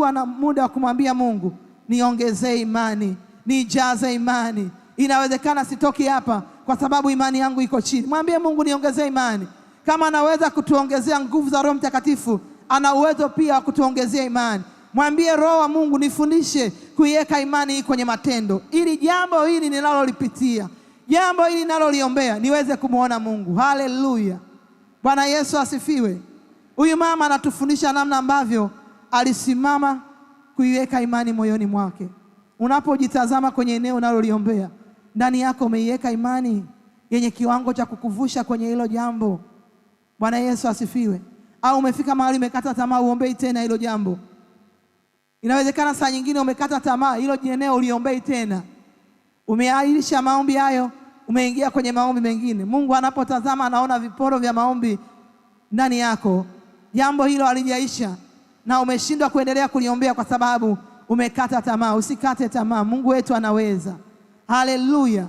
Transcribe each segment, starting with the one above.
kuwa na muda wa kumwambia Mungu, niongezee imani, nijaze imani. Inawezekana sitoki hapa kwa sababu imani yangu iko chini. Mwambie Mungu, niongezee imani. Kama anaweza kutuongezea nguvu za Roho Mtakatifu, ana uwezo pia wa kutuongezea imani. Mwambie Roho wa Mungu, nifundishe kuiweka imani hii kwenye matendo, ili jambo hili ninalolipitia, jambo hili ninaloliombea, niweze kumwona Mungu. Haleluya! Bwana Yesu asifiwe. Huyu mama anatufundisha namna ambavyo alisimama kuiweka imani moyoni mwake. Unapojitazama kwenye eneo unaloliombea, ndani yako umeiweka imani yenye kiwango cha kukuvusha kwenye hilo jambo. Bwana Yesu asifiwe. Au umefika mahali umekata tamaa, uombei tena hilo jambo. Inawezekana saa nyingine umekata tamaa, hilo eneo uliombei tena, umeahirisha maombi hayo, umeingia kwenye maombi mengine. Mungu anapotazama anaona viporo vya maombi ndani yako, jambo hilo halijaisha na umeshindwa kuendelea kuliombea kwa sababu umekata tamaa. Usikate tamaa, Mungu wetu anaweza. Haleluya!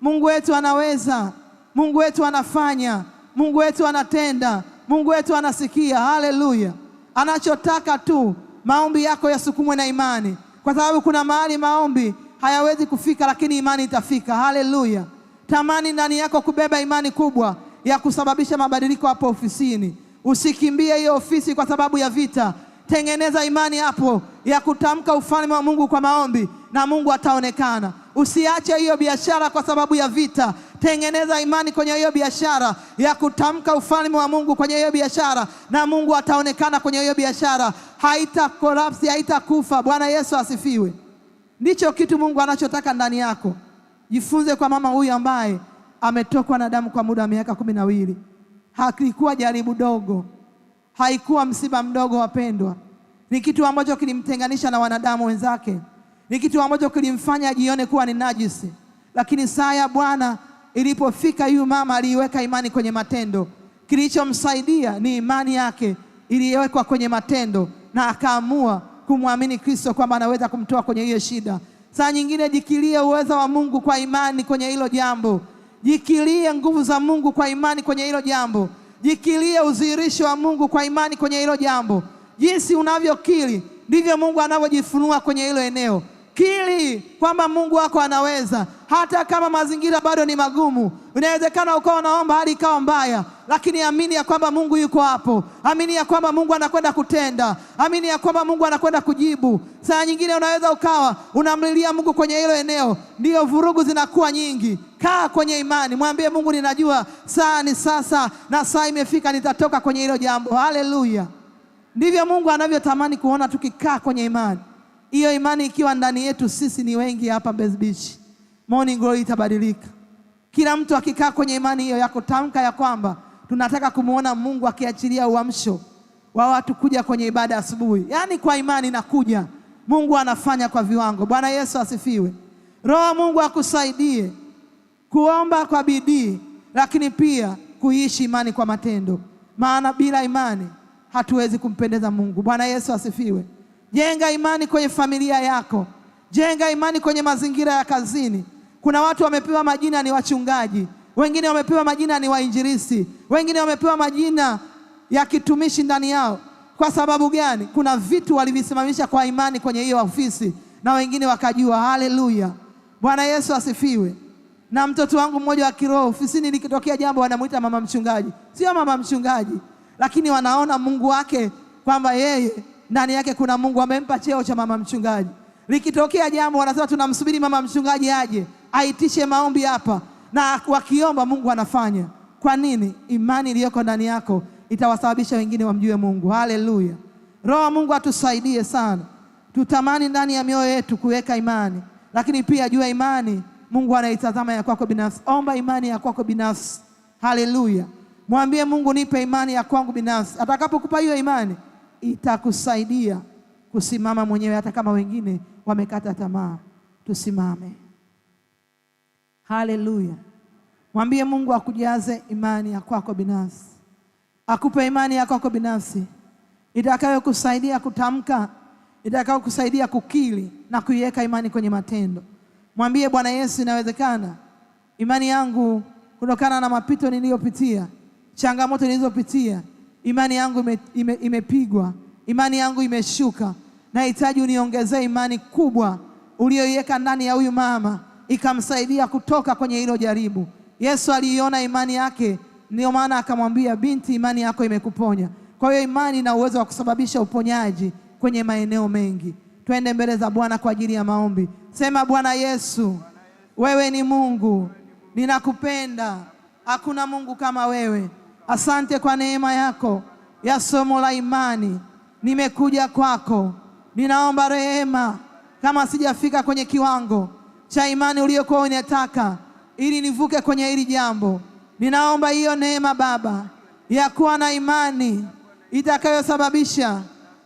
Mungu wetu anaweza, Mungu wetu anafanya, Mungu wetu anatenda, Mungu wetu anasikia. Haleluya! Anachotaka tu maombi yako yasukumwe na imani, kwa sababu kuna mahali maombi hayawezi kufika, lakini imani itafika. Haleluya! Tamani ndani yako kubeba imani kubwa ya kusababisha mabadiliko hapo ofisini. Usikimbie hiyo ofisi kwa sababu ya vita. Tengeneza imani hapo ya kutamka ufalme wa Mungu kwa maombi, na Mungu ataonekana. Usiache hiyo biashara kwa sababu ya vita. Tengeneza imani kwenye hiyo biashara ya kutamka ufalme wa Mungu kwenye hiyo biashara, na Mungu ataonekana kwenye hiyo biashara. Haita kolapsi, haitakufa. Bwana Yesu asifiwe. Ndicho kitu Mungu anachotaka ndani yako. Jifunze kwa mama huyu ambaye ametokwa na damu kwa muda wa miaka kumi na mbili. Hakikuwa jaribu dogo haikuwa msiba mdogo wapendwa. Ni kitu ambacho kilimtenganisha na wanadamu wenzake, ni kitu ambacho kilimfanya ajione kuwa ni najisi. Lakini saa ya Bwana ilipofika, yu mama aliiweka imani kwenye matendo. Kilichomsaidia ni imani yake iliyowekwa kwenye matendo, na akaamua kumwamini Kristo kwamba anaweza kumtoa kwenye hiyo shida. Saa nyingine jikilie uwezo wa Mungu kwa imani kwenye hilo jambo, jikilie nguvu za Mungu kwa imani kwenye hilo jambo jikilie udhihirisho wa Mungu kwa imani kwenye hilo jambo. Jinsi unavyokili ndivyo Mungu anavyojifunua kwenye hilo eneo kili kwamba Mungu wako anaweza, hata kama mazingira bado ni magumu. Inawezekana ukawa unaomba hali ikawa mbaya, lakini amini ya kwamba Mungu yuko hapo, amini ya kwamba Mungu anakwenda kutenda, amini ya kwamba Mungu anakwenda kujibu. Saa nyingine unaweza ukawa unamlilia Mungu kwenye hilo eneo, ndiyo vurugu zinakuwa nyingi. Kaa kwenye imani, mwambie Mungu, ninajua saa ni sasa na saa imefika, nitatoka kwenye hilo jambo. Haleluya! Ndivyo Mungu anavyotamani kuona tukikaa kwenye imani. Hiyo imani ikiwa ndani yetu, sisi ni wengi hapa Mbezi Beach, Morning Glory itabadilika. Kila mtu akikaa kwenye imani hiyo yako, tamka ya kwamba tunataka kumwona Mungu akiachilia uamsho wa watu kuja kwenye ibada asubuhi, yaani kwa imani nakuja. Mungu anafanya kwa viwango. Bwana Yesu asifiwe. Roho Mungu akusaidie kuomba kwa bidii, lakini pia kuishi imani kwa matendo, maana bila imani hatuwezi kumpendeza Mungu. Bwana Yesu asifiwe. Jenga imani kwenye familia yako, jenga imani kwenye mazingira ya kazini. Kuna watu wamepewa majina ni wachungaji, wengine wamepewa majina ni wainjilisti, wengine wamepewa majina ya kitumishi ndani yao. Kwa sababu gani? Kuna vitu walivisimamisha kwa imani kwenye hiyo ofisi, na wengine wakajua. Haleluya, Bwana Yesu asifiwe. Na mtoto wangu mmoja wa kiroho ofisini, likitokea jambo wanamwita mama mchungaji. Sio mama mchungaji, lakini wanaona Mungu wake kwamba yeye ndani yake kuna Mungu amempa cheo cha mama mchungaji. Likitokea jambo, wanasema tunamsubiri mama mchungaji aje aitishe maombi hapa, na wakiomba Mungu anafanya. Kwa nini? Imani iliyoko ndani yako itawasababisha wengine wamjue Mungu. Haleluya! Roho Mungu atusaidie sana, tutamani ndani ya mioyo yetu kuweka imani, lakini pia jua imani Mungu anaitazama ya kwako binafsi. Omba imani ya kwako binafsi. Haleluya! Mwambie Mungu, nipe imani ya kwangu binafsi. Atakapokupa hiyo imani itakusaidia kusimama mwenyewe, hata kama wengine wamekata tamaa. Tusimame. Haleluya! Mwambie Mungu akujaze imani ya kwako binafsi, akupe imani ya kwako binafsi itakayokusaidia kutamka, itakayokusaidia kukili na kuiweka imani kwenye matendo. Mwambie Bwana Yesu, inawezekana imani yangu kutokana na mapito niliyopitia, changamoto nilizopitia imani yangu ime, ime, imepigwa, imani yangu imeshuka. Nahitaji uniongezee imani kubwa uliyoiweka ndani ya huyu mama ikamsaidia kutoka kwenye hilo jaribu. Yesu aliiona imani yake, ndio maana akamwambia, binti, imani yako imekuponya. Kwa hiyo imani ina uwezo wa kusababisha uponyaji kwenye maeneo mengi. Twende mbele za Bwana kwa ajili ya maombi. Sema, Bwana Yesu, wewe ni Mungu, ninakupenda, hakuna Mungu kama wewe. Asante kwa neema yako ya somo la imani. Nimekuja kwako, ninaomba rehema kama sijafika kwenye kiwango cha imani uliyokuwa unataka ili nivuke kwenye hili jambo. Ninaomba hiyo neema Baba ya kuwa na imani itakayosababisha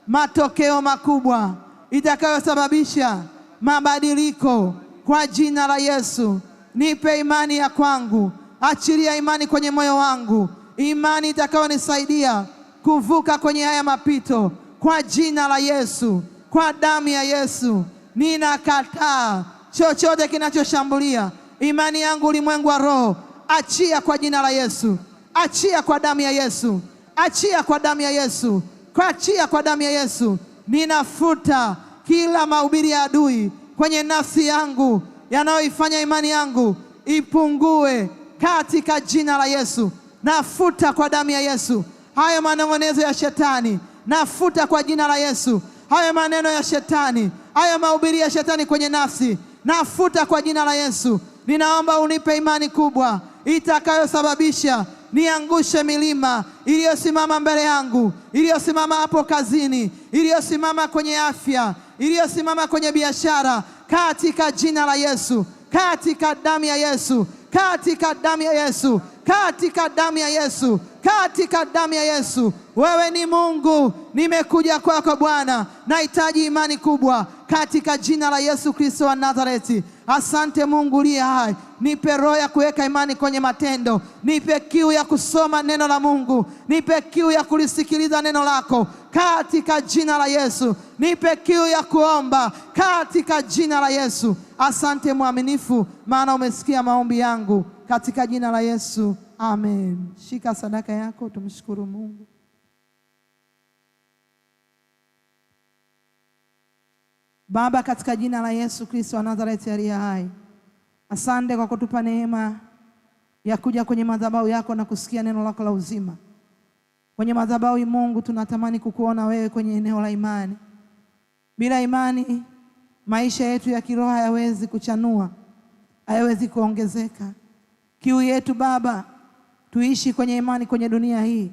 matokeo makubwa, itakayosababisha mabadiliko kwa jina la Yesu. Nipe imani ya kwangu, achilia imani kwenye moyo wangu imani itakayonisaidia kuvuka kwenye haya mapito, kwa jina la Yesu, kwa damu ya Yesu. Ninakataa chochote kinachoshambulia imani yangu, ulimwengu wa roho. Achia kwa jina la Yesu, achia kwa damu ya Yesu, achia kwa damu ya Yesu, achia kwa damu ya Yesu. Ninafuta kila mahubiri ya adui kwenye nafsi yangu yanayoifanya imani yangu ipungue katika jina la Yesu nafuta kwa damu ya Yesu hayo manong'onezo ya shetani, nafuta kwa jina la Yesu hayo maneno ya shetani, hayo mahubiri ya shetani kwenye nafsi, nafuta kwa jina la Yesu. Ninaomba unipe imani kubwa itakayosababisha niangushe milima iliyosimama mbele yangu, iliyosimama hapo kazini, iliyosimama kwenye afya, iliyosimama kwenye biashara, katika jina la Yesu, katika damu ya Yesu, katika damu ya Yesu katika damu ya Yesu, katika damu ya Yesu. Wewe ni Mungu, nimekuja kwako Bwana, nahitaji imani kubwa katika jina la Yesu Kristo wa Nazareti. Asante Mungu uliye hai, nipe roho ya kuweka imani kwenye matendo, nipe kiu ya kusoma neno la Mungu, nipe kiu ya kulisikiliza neno lako katika jina la Yesu, nipe kiu ya kuomba katika jina la Yesu. Asante mwaminifu, maana umesikia maombi yangu katika jina la Yesu, amen. Shika sadaka yako, tumshukuru Mungu. Baba, katika jina la Yesu Kristo wa Nazareti aliye hai, asante kwa kutupa neema ya kuja kwenye madhabahu yako na kusikia neno lako la uzima. Kwenye madhabahu Mungu, tunatamani kukuona wewe kwenye eneo la imani. Bila imani maisha yetu ya kiroho hayawezi kuchanua, hayawezi kuongezeka. Kiu yetu Baba, tuishi kwenye imani kwenye dunia hii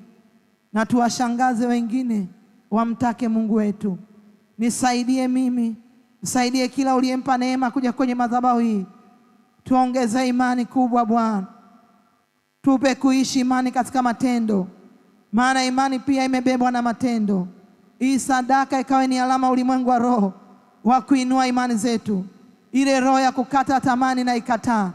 na tuwashangaze wengine wamtake Mungu wetu. Nisaidie mimi, nisaidie kila uliyempa neema kuja kwenye madhabahu hii. Tuongeze imani kubwa Bwana, tupe kuishi imani katika matendo, maana imani pia imebebwa na matendo. Hii sadaka ikawe ni alama ulimwengu wa roho wa kuinua imani zetu, ile roho ya kukata tamani na ikataa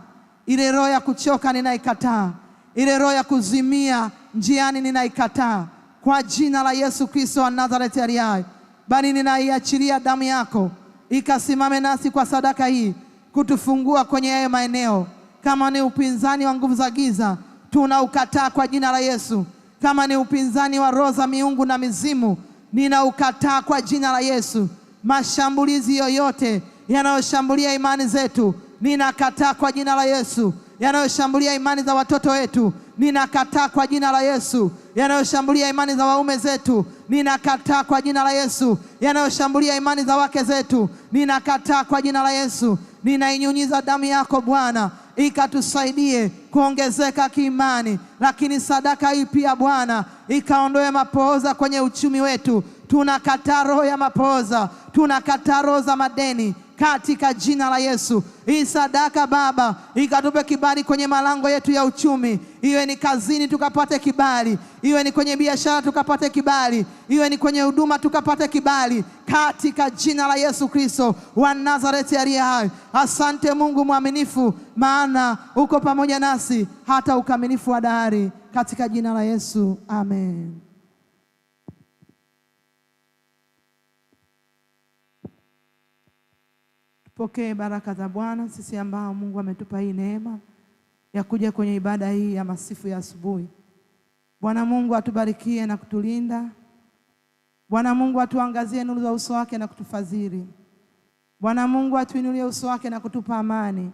ile roho ya kuchoka ninaikataa, ile roho ya kuzimia njiani ninaikataa kwa jina la Yesu Kristo wa Nazareti ali hai, bali ninaiachilia damu yako ikasimame nasi kwa sadaka hii kutufungua kwenye hayo maeneo. Kama ni upinzani wa nguvu za giza tunaukataa kwa jina la Yesu. Kama ni upinzani wa roho za miungu na mizimu ninaukataa kwa jina la Yesu. Mashambulizi yoyote yanayoshambulia imani zetu ninakataa kwa jina la Yesu yanayoshambulia imani za watoto wetu, ninakataa kwa jina la Yesu. Yanayoshambulia imani za waume zetu, ninakataa kwa jina la Yesu. Yanayoshambulia imani za wake zetu, ninakataa kwa jina la Yesu. Ninainyunyiza damu yako Bwana ikatusaidie kuongezeka kiimani, lakini sadaka hii pia Bwana ikaondoe mapooza kwenye uchumi wetu. Tunakataa roho ya mapooza, tunakataa roho za madeni katika jina la Yesu. Hii sadaka Baba ikatupe kibali kwenye malango yetu ya uchumi, iwe ni kazini tukapate kibali, iwe ni kwenye biashara tukapate kibali, iwe ni kwenye huduma tukapate kibali, katika jina la Yesu Kristo wa Nazareti aliye hai. Asante Mungu mwaminifu, maana uko pamoja nasi hata ukamilifu wa dahari, katika jina la Yesu, amen. Pokee baraka za Bwana sisi ambao Mungu ametupa hii neema ya kuja kwenye ibada hii ya masifu ya asubuhi. Bwana Mungu atubarikie na kutulinda. Bwana Mungu atuangazie nuru za uso wake na kutufadhili. Bwana Mungu atuinulie uso wake na kutupa amani.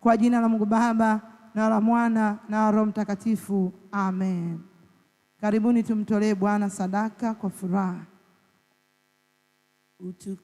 Kwa jina la Mungu Baba na la Mwana na Roho Mtakatifu, amen. Karibuni tumtolee Bwana sadaka kwa furaha.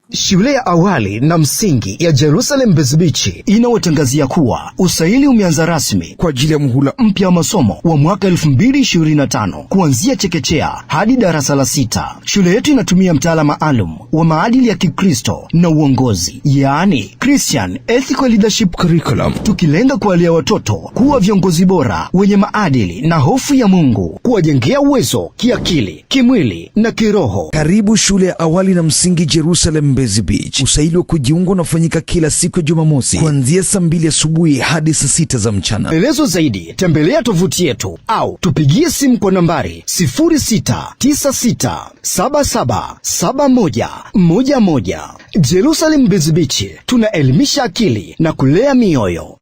Shule ya awali na msingi ya Jerusalem Bezibichi inawatangazia kuwa usaili umeanza rasmi kwa ajili ya muhula mpya wa masomo wa mwaka 2025 kuanzia chekechea hadi darasa la sita. Shule yetu inatumia mtaala maalum wa maadili ya Kikristo na uongozi, yaani Christian Ethical Leadership Curriculum, tukilenga kuwalia watoto kuwa viongozi bora wenye maadili na hofu ya Mungu, kuwajengea uwezo kiakili, kimwili na kiroho. Karibu shule ya awali na msingi Jerusalem Mbezi Beach. Usaili wa kujiunga unafanyika kila siku ya Jumamosi kuanzia saa mbili asubuhi hadi saa sita za mchana. Maelezo zaidi tembelea tovuti yetu au tupigie simu kwa nambari 0696777111. Jerusalem Mbezi Beach, tunaelimisha akili na kulea mioyo.